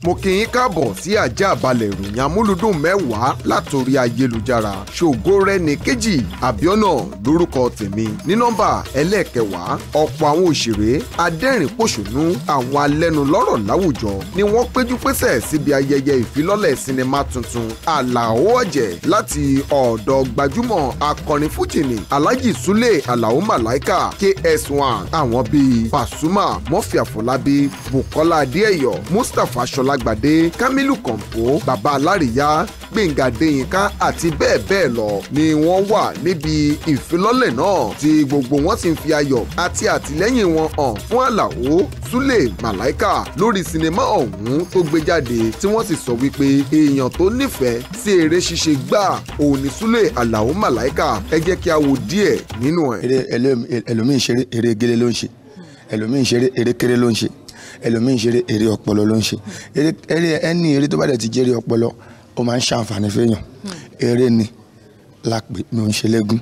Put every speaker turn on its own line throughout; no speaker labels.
mo kì í káàbọ̀ sí ajá balẹ̀ ìròyìn amúlùdùn mẹ́wàá látòrí ayélujára ṣògo rẹni kejì abiona lórúkọ tèmi ní nọ́mbà ẹlẹ́ẹ̀kẹwàá ọ̀pọ̀ àwọn òṣèré adẹ́rìn-pòṣónú àwọn alẹ́nulọ́rọ̀ láwùjọ ni wọ́n péjú pésẹ̀ síbi ayẹyẹ ìfilọ́lẹ̀ sinimá tuntun àlàó ọ̀jẹ̀ láti ọ̀dọ̀ gbajúmọ̀ akọrin fújìnì alhaji sule alao malaika ks1 àwọn bíi pasuma murphy afolabi bukola adéẹyọ mustapha ṣọlá ọlágbàdé kámílù kọ̀ǹpó bàbá alárìíyá gbẹ̀ngà adéyínká àti bẹ́ẹ̀ bẹ́ẹ̀ lọ ni wọ́n wà níbi ìfilọ́lẹ̀ náà tí gbogbo wọn ti ń fi ayọ̀ àti àtìlẹ́yìn wọn hàn fún àlàó súlè màláìkà lórí sinimá ọ̀hún tó gbé jáde tí wọ́n sì sọ wípé èèyàn tó nífẹ̀ẹ́ sí eré ṣíṣe gbà òun ni súlè àlàó màláìkà ẹ jẹ́ kí a wo díẹ̀ nínú ẹ̀. eré ṣeré eré gélé ló ń ṣe ẹlòmíì ṣeré eré kéré ló ń ṣe ẹlòmíín ṣe eré ọpọlọ ló ń ṣe eré ẹni eré tó bá dẹ̀ ti jẹ́ eré ọpọlọ ó máa ń ṣàǹfààní fẹ́yàn hmm. eré ni lápè mi ò ń ṣe lẹ́gùn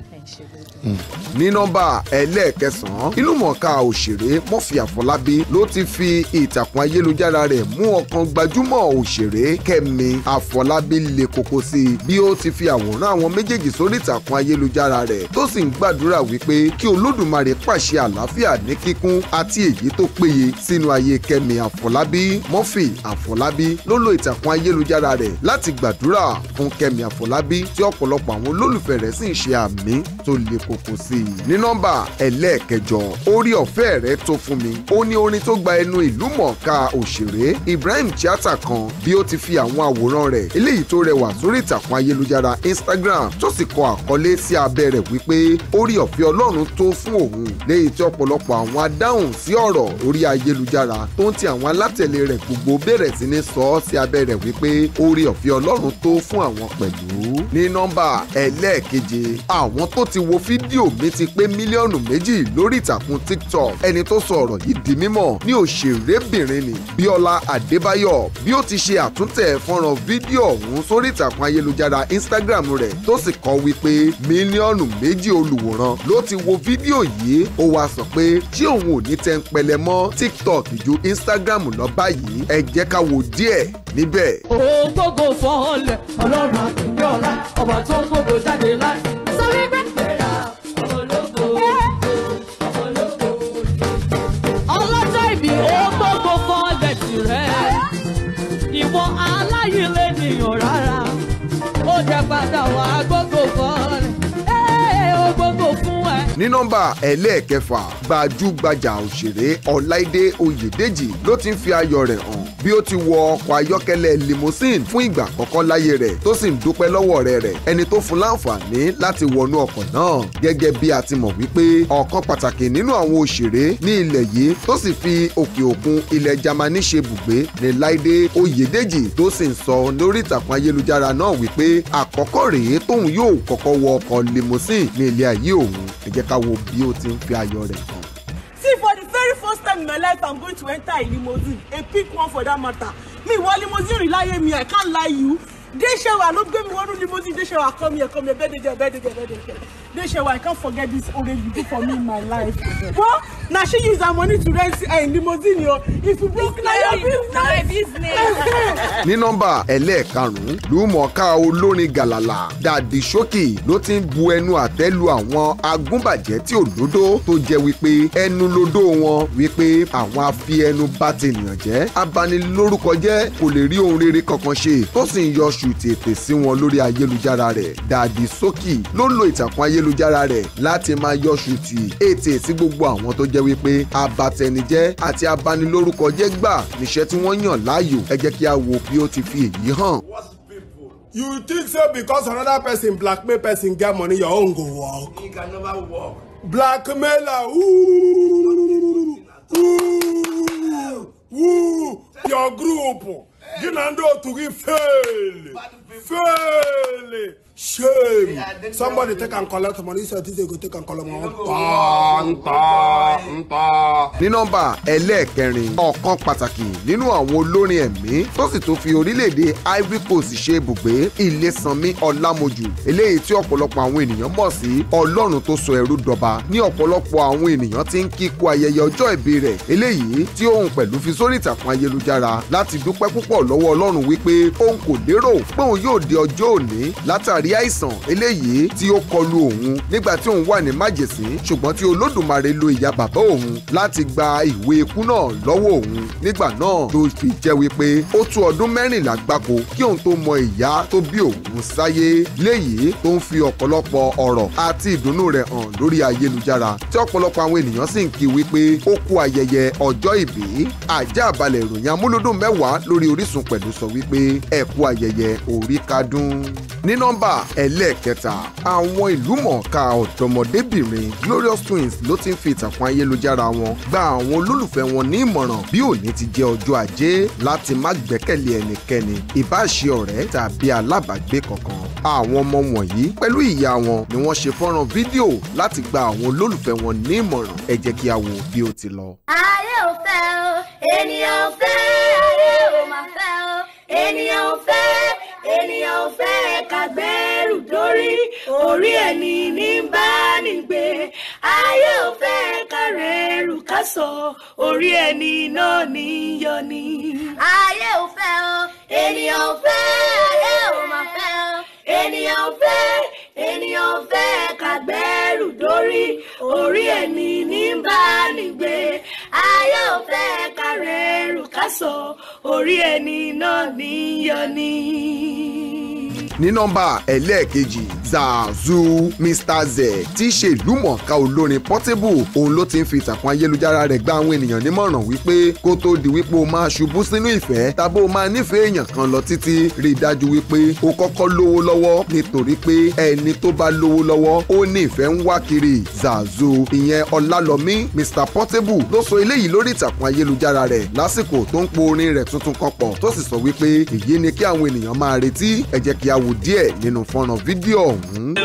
ní nọ́mbà ẹlẹ́ẹ̀kẹsàn-án ìlúmọ̀ọ́ká òṣèré Murphy Àfọlábí ló ti fi ìtàkùn ayélujára rẹ̀ mú ọkàn gbajúmọ̀ òṣèré Kẹ́mi Àfọlábí le koko sí i bí ó ti fi àwòrán àwọn méjèèjì sórí ìtàkùn ayélujára rẹ̀ tó sì ń gbàdúrà wípé kí Olódùmarè pàṣẹ àlàáfíà ní kíkún àti èyí tó péye sínú ayé Kẹ́mi Àfọlábí Murphy Àfọlábí ló lo ìtàkùn ayélujára rẹ̀ láti gbàdúrà fún Kẹ́mi Àfọlábí tí ọ̀pọ̀lọpọ̀ àwọn olólùfẹ́ rẹ̀ sì ń ṣe àmì tó le koko sí èdè ní nọ́mbà ẹlẹ́ẹ̀kẹjọ orí ọ̀fẹ́ rẹ tó fún mi ó ní orin tó gba ẹnu ìlú mọ̀ọ́ká òṣèré Ibrahim Chatta kan bí ó ti fi àwọn àwòrán rẹ̀ eléyìí tó rẹwà sórí ìtàkùn ayélujára Instagram tó sì kọ àkọlé sí abẹ́ rẹ̀ wípé orí ọ̀fẹ́ Ọlọ́run tó fún òun léyìí tí ọ̀pọ̀lọpọ̀ àwọn adáhùn sí ọ̀rọ̀ orí ayélujára tó ń ti àwọn alátẹ̀lé rẹ̀ gbogbo bẹ̀rẹ̀ sí ní sọ ọ́ sí abẹ́ rẹ̀ wípé orí ọ̀fẹ́ Ọlọ́run tó fún àwọn pẹ̀lú ní nọ́mbà ẹlẹ́ẹ̀keje àwọn tó ti wo fídíò mi ọkùnrin ti pé mílíọ̀nù méjì lórí ìtàkùn TikTok ẹni tó sọ ọ̀rọ̀ yìí di mímọ̀ ní òṣèrébìnrin ni Bíọ́lá Adébáyọ̀ bí ó ti ṣe àtúntẹ̀ fọ́nrán fídíò ọ̀hún sórí ìtàkùn ayélujára Instagram rẹ̀ tó sì kọ wípé mílíọ̀nù méjì olùwòran ló ti wo fídíò yìí ó wá sọ pé tí òun ò ní tẹ́ńpẹ́lẹ́ mọ́ TikTok ju Instagram lọ báyìí ẹ jẹ́ ká wo díẹ̀ níbẹ̀. òun gbogbo fọ́ọ̀lẹ̀ ọlọ́run àti Bíọ́lá ọba nọ́mbà ẹlẹ́ẹ̀kẹfà gbajúgbajà òṣèré ọláìdé oyèdèjì ló ti ń fi ayọ̀ rẹ̀ hàn bí ó ti wọ ọkọ̀ ayọ́kẹ́lẹ́ limousine fún ìgbà àkọ́kọ́ láyé rẹ̀ tó sì ń dúpẹ́ lọ́wọ́ ọ̀rẹ́ rẹ̀ ẹni tó fún láǹfààní láti wọnú ọkọ̀ náà gẹ́gẹ́ bí a ti mọ̀ wípé ọ̀kan pàtàkì nínú àwọn òṣèré ní ilẹ̀ yìí tó sì fi òkè òkun ilẹ̀ Jámánì ṣe bùgbé ní láìdé oyèdèjì tó sì ń sọ lórí ìtàkùn ayélujára náà wípé àkọ́kọ́ rèé tóun yóò kọ́kọ́ wọ ọkọ̀ limousine ní ilé ayé òun ẹ ká wo bí ó ti ń fi ayọ̀ rẹ̀ hàn. see for the very first time in my life i'm going to enter a limousine a pink one for that matter Me, wọ limousine rí láyé mi i can't lie you Desewa ló gbé mi wọnú limousine Desewa come here come here bẹ́ẹ̀ dẹ̀ bẹ́ẹ̀ dẹ̀ bẹ́ẹ̀ dẹ̀ Desewa I can't forget this orange you do for me in my life. Well, na she use her money to rent a eh, limousine o. If you broke na your bill ní nọ́mbà ẹlẹ́ẹ̀karùn-ún lùmọ̀ọ́ká olórin gàlàlà dàdí ṣókì ló ti ń bu ẹnu àtẹ́ lu àwọn agúnbàjẹ́ tí ò lódó tó jẹ́ wípé ẹnu lódó wọn wípé àwọn afi ẹnu bá ti nìyàn jẹ́ abanilórúkọ jẹ́ kò lè rí ohun rere kankan ṣe tó sì ń yọ ṣùtètè sí wọn lórí ayélujára rẹ̀ dàdí ṣókì ló ń lo ìtàkùn ayélujára rẹ̀ láti máa yọ ṣùtì ètè sí gbogbo àwọn tó jẹ́ wípé abatẹnijẹ́ àti abanilórúkọ jẹ́ gbà níṣẹ́ tí wọ́n yàn lá láàyò ẹ jẹ́ kí a wo bí ó ti fi èyí hàn. you think say because another person blackmail person get money your own go work. he can blackmailer ooh ooh ooh your group gị na ndị fail fail shame. Somebody take and collect money. He said, this go take and collect money. Nta nta nta. Ní nọ́mbà ẹlẹ́ẹ̀kẹrin, ọ̀kan pàtàkì nínú àwọn olórin ẹ̀mí tó sì tún fi orílẹ̀-èdè Ivory Coast ṣe ibùgbé Ilésànmí Ọlámojù. Eléyìí tí ọ̀pọ̀lọpọ̀ àwọn ènìyàn mọ̀ sí Ọlọ́run tó sọ ẹrú dọba. Ní ọ̀pọ̀lọpọ̀ àwọn ènìyàn ti ń kíkó ayẹyẹ ọjọ́ ìbí rẹ̀. Eléyìí tí òun pẹ̀lú fi sórí ìtàkùn ayélujára láti dúpẹ́ púpọ̀ lọ́wọ́ Ọlọ́run wípé òun kò lérò pé òun yóò dé ọjọ́ òní látàrí àìsàn àìsàn eléyìí tí ó kọlu òun nígbà tí òun wà ní májèsín ṣùgbọ́n tí olódùmarè lo ìyá bàbá òun láti gba ìwé ikú náà lọ́wọ́ òun nígbà náà ló fi jẹ́ wípé ó tó ọdún mẹ́rìnlá gbáko kí òun tó mọ ìyá tó bí òun sáyé léyìí tó ń fi ọ̀pọ̀lọpọ̀ ọ̀rọ̀ àti ìdùnnú rẹ̀ hàn lórí ayélujára tí ọ̀pọ̀lọpọ̀ àwọn ènìyàn sì ń kí wípé ó kú ayẹyẹ ọjọ́ ìbí àjá àbalẹ̀ ìròyìn amúlùdùn mẹ́wàá lórí Orísun pẹ̀lú sọ wípé ẹ ayẹyẹ orí kádùn ní nọ́mbà ẹlẹ́ẹ̀kẹta àwọn ìlúmọ̀ọ́ká ọ̀dọ́mọdébìnrin Glorious Twins ló ti ń fi ìtàkùn ayélujára wọn gba àwọn olólùfẹ́ wọn ní ìmọ̀ràn bí òní ti jẹ́ ọjọ́ ajé láti má gbẹ́kẹ̀lé ẹnikẹ́ni ìbáṣe ọ̀rẹ́ tàbí alábàágbé kankan àwọn ọmọ wọ̀nyí pẹ̀lú ìyá wọn ni wọ́n ṣe fọ́nrán fídíò láti gba àwọn olólùfẹ́ wọn ní ìmọ̀ràn ẹ jẹ́ kí a wo bí ó ti lọ. ayé ò fẹ́ o ènìyàn ò fẹ́ ayé ò máa fẹ́ o ènìyàn ò fẹ́ ènìyàn ò fẹ́ ká gbẹ́rù dórí orí ẹni ní bá ní gbé ayé ò fẹ́ ká rẹ̀rù ká sọ orí ẹni náà ní yọ ni. ayé ò fẹ́ o ènìyàn ò fẹ́ ayé ò máa fẹ́ o ènìyàn ò fẹ́ ènìyàn ò fẹ́ ká gbẹ́rù dórí orí ẹni ní bá ní gbé ayé ò fẹ́ ká rẹ̀rù ká sọ. orí ẹni náà níyọ ni. ní nọ́mbà ẹlẹ́ẹ̀kejì zazu mr z tí í ṣe ìlú mọ̀ọ́ká olórin portable òun ló ti ń fi ìtàkùn ayélujára rẹ̀ gba àwọn ènìyàn nímọ̀ràn wípé kó tó di wípé o máa ṣubú sínú ìfẹ́ tàbí o máa nífẹ̀ẹ́ èèyàn kan lọ títí rí i dájú wípé o kọ́kọ́ lówó lọ́wọ́ nítorí pé ẹni tó bá lówó lọ́wọ́ ó ní ìfẹ́ ń wá kiri zazu ìyẹn ọlálọ́mí mr portable ló sọ eléyìí lórí ìtàkùn ayélujára rẹ̀ lásìkò tó ń po orin rẹ̀ tuntun kan pọ̀ tó sì sọ wípé èyí ni kí àwọn ènìyàn máa retí ẹ jẹ́ kí a wò díẹ̀ nínú fọ́nrán fídíò ọ̀hún ọ̀hún.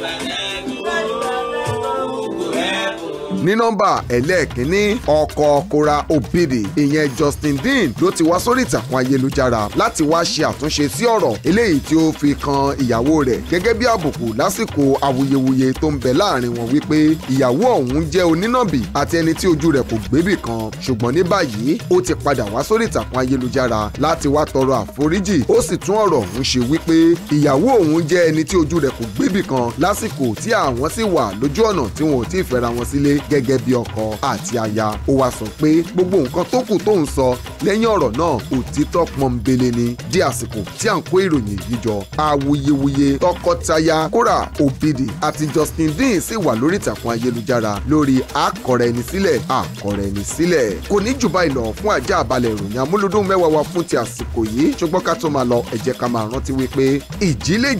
Thank you. ní nọ́mbà ẹlẹ́ẹ̀kínní ọkọ̀ kora obìnrin ìyẹn Justin Dean ló ti wá sórí ìtàkùn ayélujára láti wá ṣe àtúnṣe sí ọ̀rọ̀ eléyìí tí ó fi kan ìyàwó rẹ̀ gẹ́gẹ́ bí àbùkù lásìkò awuyewuye tó ń bẹ láàrin wọn wípé ìyàwó ọ̀hún jẹ́ onínàbì àti ẹni tí ojú rẹ̀ kò gbébì kan ṣùgbọ́n ní báyìí ó ti padà wá sórí ìtàkùn ayélujára láti wá tọrọ àforíjì ó sì tún ọ̀rọ̀ ọ̀hún ṣe wípé ìyàwó òun jẹ́ ẹni tí ojú rẹ̀ kò gbébì kan lásìkò tí àwọn sì wà lójú ọ̀nà tí wọn ò tí ì fẹ́ra wọn sílé gẹ́gẹ́ bí ọkọ àti aya ó wá sọ pé gbogbo nǹkan tó kù tóun sọ lẹ́yìn ọ̀rọ̀ náà òtítọ́ pọ́nbélé ni di àsìkò tí à ń kó ìròyìn yìí jọ awuyewuye tọkọtaya kóra òbídì àti Justin Dean sì wà lórí ìtàkùn ayélujára lórí akọrẹnisílẹ̀ akọrẹnisílẹ̀ kò ní jù báyìí lọ fún àjà àbálẹ̀ ìròyìn amúlùdùn mẹ́wàá wa fún ti àsìkò yìí ṣùgbọ́n ká tó máa lọ ẹ jẹ́ ká máa rántí wípé ìjì lè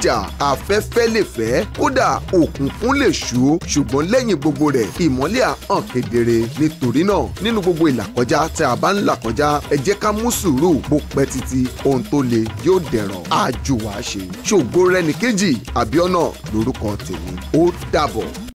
lè fẹ́ kódà òkùnkùn lè ṣú ṣùgbọ́n lẹ́yìn gbogbo rẹ̀ ìmọ́lẹ̀ Nàìjíríà hàn kedere nítorí náà nínú gbogbo ìlàkọjá tẹ a bá ń là kọjá ẹ jẹ́ ká mú sùúrù bó pẹ́ títí ohun tó le yóò dẹ̀rọ̀ àjùwà ṣe ṣògo rẹnìkejì Àbíọ́nà lórúkọ tèmi ó dàbọ̀.